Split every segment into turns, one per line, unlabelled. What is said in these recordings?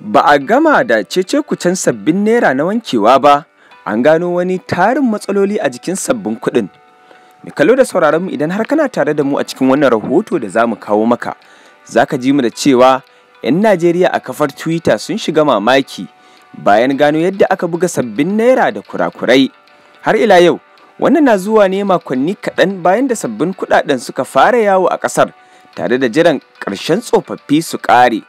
ba a gama da cece kucen sabbin naira na wankewa ba an gano wani tarin matsaloli a jikin sabbin kuɗin mai kallo da sauraron mu idan har kana tare da mu a cikin wannan rahoto da za mu kawo maka za ka ji mu da cewa 'yan najeriya a kafar twitter sun shiga mamaki bayan gano yadda aka buga sabbin naira da kurakurai har ila yau wannan na zuwa ne makonni kaɗan bayan da sabbin kuɗaɗen suka fara yawo a ƙasar tare da jiran ƙarshen tsofaffi su ƙare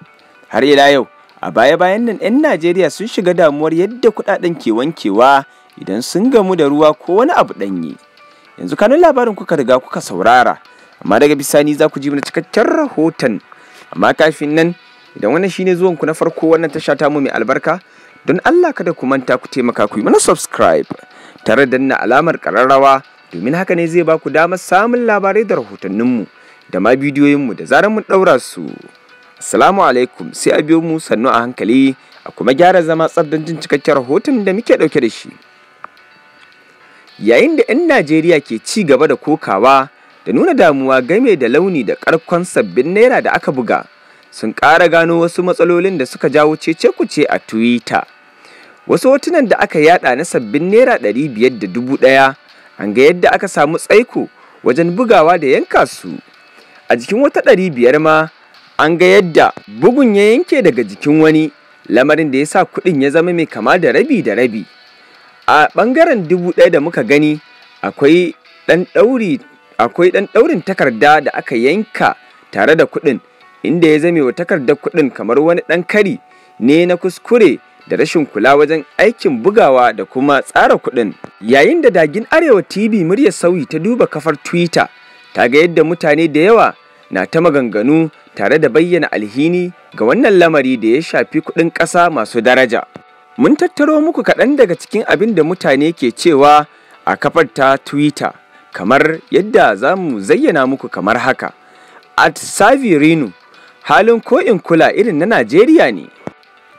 har ila yau a baya-bayan nan 'yan najeriya sun shiga damuwar yadda kudaden ke wankewa idan sun gamu da ruwa ko wani abu danyi yanzu kanun labarin kuka riga kuka saurara amma daga bisani za ku ji mana cikakken rahoton amma kafin nan idan wannan shine zuwan ku na farko wannan tasha ta mu mai albarka don Allah kada ku manta ku taimaka ku yi mana subscribe tare da na alamar kararrawa domin haka ne zai ba ku damar samun labarai da rahotanninmu da ma bidiyoyinmu da zarar mun daura su Assalamu alaikum sai a biyo mu sannu a hankali a kuma gyara zama tsabdan jin cikakken rahoton da muke ɗauke da shi. Yayin da 'yan Najeriya ke ci gaba da kokawa da nuna damuwa game da launi da ƙarkon sabbin naira da aka buga sun ƙara gano wasu matsalolin da suka jawo cece-kuce a Twitter. Wasu hotunan da aka yaɗa na sabbin naira ɗari biyar da dubu ɗaya an ga yadda aka samu tsaiko wajen bugawa da yanka su. A jikin wata ɗari biyar ma an ga yadda bugun ya yanke daga jikin wani lamarin da ya sa kuɗin ya zama mai kama da rabi da rabi a ɓangaren dubu ɗaya da muka gani akwai ɗan ɗaurin takarda da aka yanka tare da kuɗin inda ya zame wa takardar kuɗin kamar wani ɗan kari ne na kuskure da rashin kula wajen aikin bugawa da kuma tsara kuɗin. Yayin da dagin Arewa TV muryar sauyi ta duba kafar Twitter ta ga yadda mutane da yawa na ta maganganu tare da bayyana alhini ga wannan lamari da ya shafi kuɗin ƙasa masu daraja. Mun tattaro muku kaɗan daga cikin abin da mutane ke cewa a kafar ta Twitter, kamar yadda za mu zayyana muku kamar haka. At Savirinu, halin ko'in kula irin na Najeriya ne.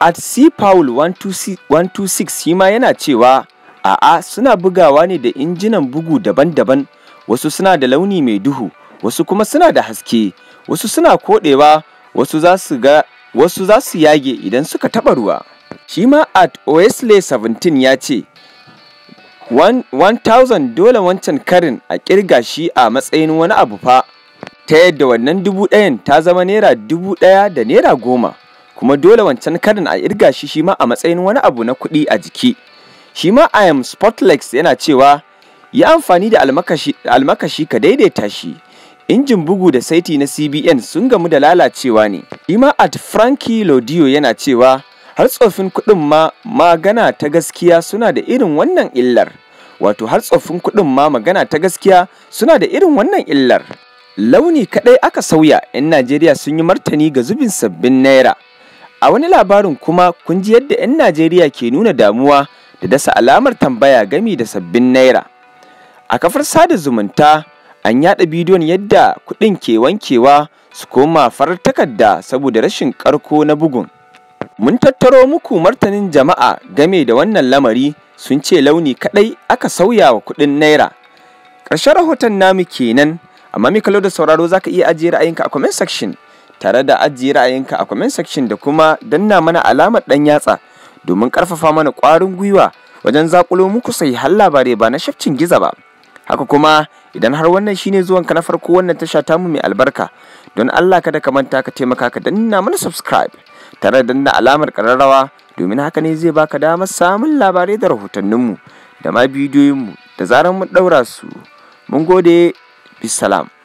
At C. Paul 126 yi ma yana cewa a'a suna bugawa ne da injinan bugu daban-daban, wasu suna da launi mai duhu, wasu kuma suna da haske wasu suna koɗewa wasu za su yage idan suka taɓa ruwa shi ma at oesle 17 ya ce 1000 dole wancan karin a kirga shi a matsayin wani abu fa ta yadda wannan dubu ɗayan ta zama naira dubu ɗaya da naira goma kuma dole wancan karin a irga shi shi ma a matsayin wani abu na kuɗi a jiki shi ma i am yana cewa yi amfani da almakashi ka daidaita shi Injin bugu da saiti na CBN sun gamu da lalacewa ne. Ima at Frankie Lodio yana cewa har tsofin kuɗin ma magana ta gaskiya suna da irin wannan illar. Wato har tsofin kuɗin ma magana ta gaskiya suna da irin wannan illar. Launi kaɗai aka sauya 'yan Najeriya sun yi martani ga zubin sabbin naira. A wani labarin kuma kun ji yadda 'yan Najeriya ke nuna damuwa da dasa alamar tambaya gami da sabbin naira. A kafar sada zumunta an yaɗa bidiyon yadda kuɗin ke wankewa su koma farar takarda saboda rashin karko na bugun. Mun tattaro muku martanin jama'a game da wannan lamari sun ce launi kaɗai aka sauya wa kuɗin naira. Ƙarshen rahoton namu kenan, amma mika da sauraro zaka iya ajiye ra'ayinka a comment section tare da ajiye ra'ayinka a comment section da kuma danna mana alamar ɗan yatsa domin karfafa mana kwarin gwiwa wajen zaƙulo muku sai har labarai ba na shafcin giza ba. Haka kuma idan har wannan shine zuwan ka na farko wannan tasha ta mu mai albarka don Allah kada ka manta ka taimaka ka danna mana subscribe tare da danna alamar kararrawa domin haka ne zai baka damar samun labarai da rahotannin mu da ma mu da zarar mun daura su mun gode bisalam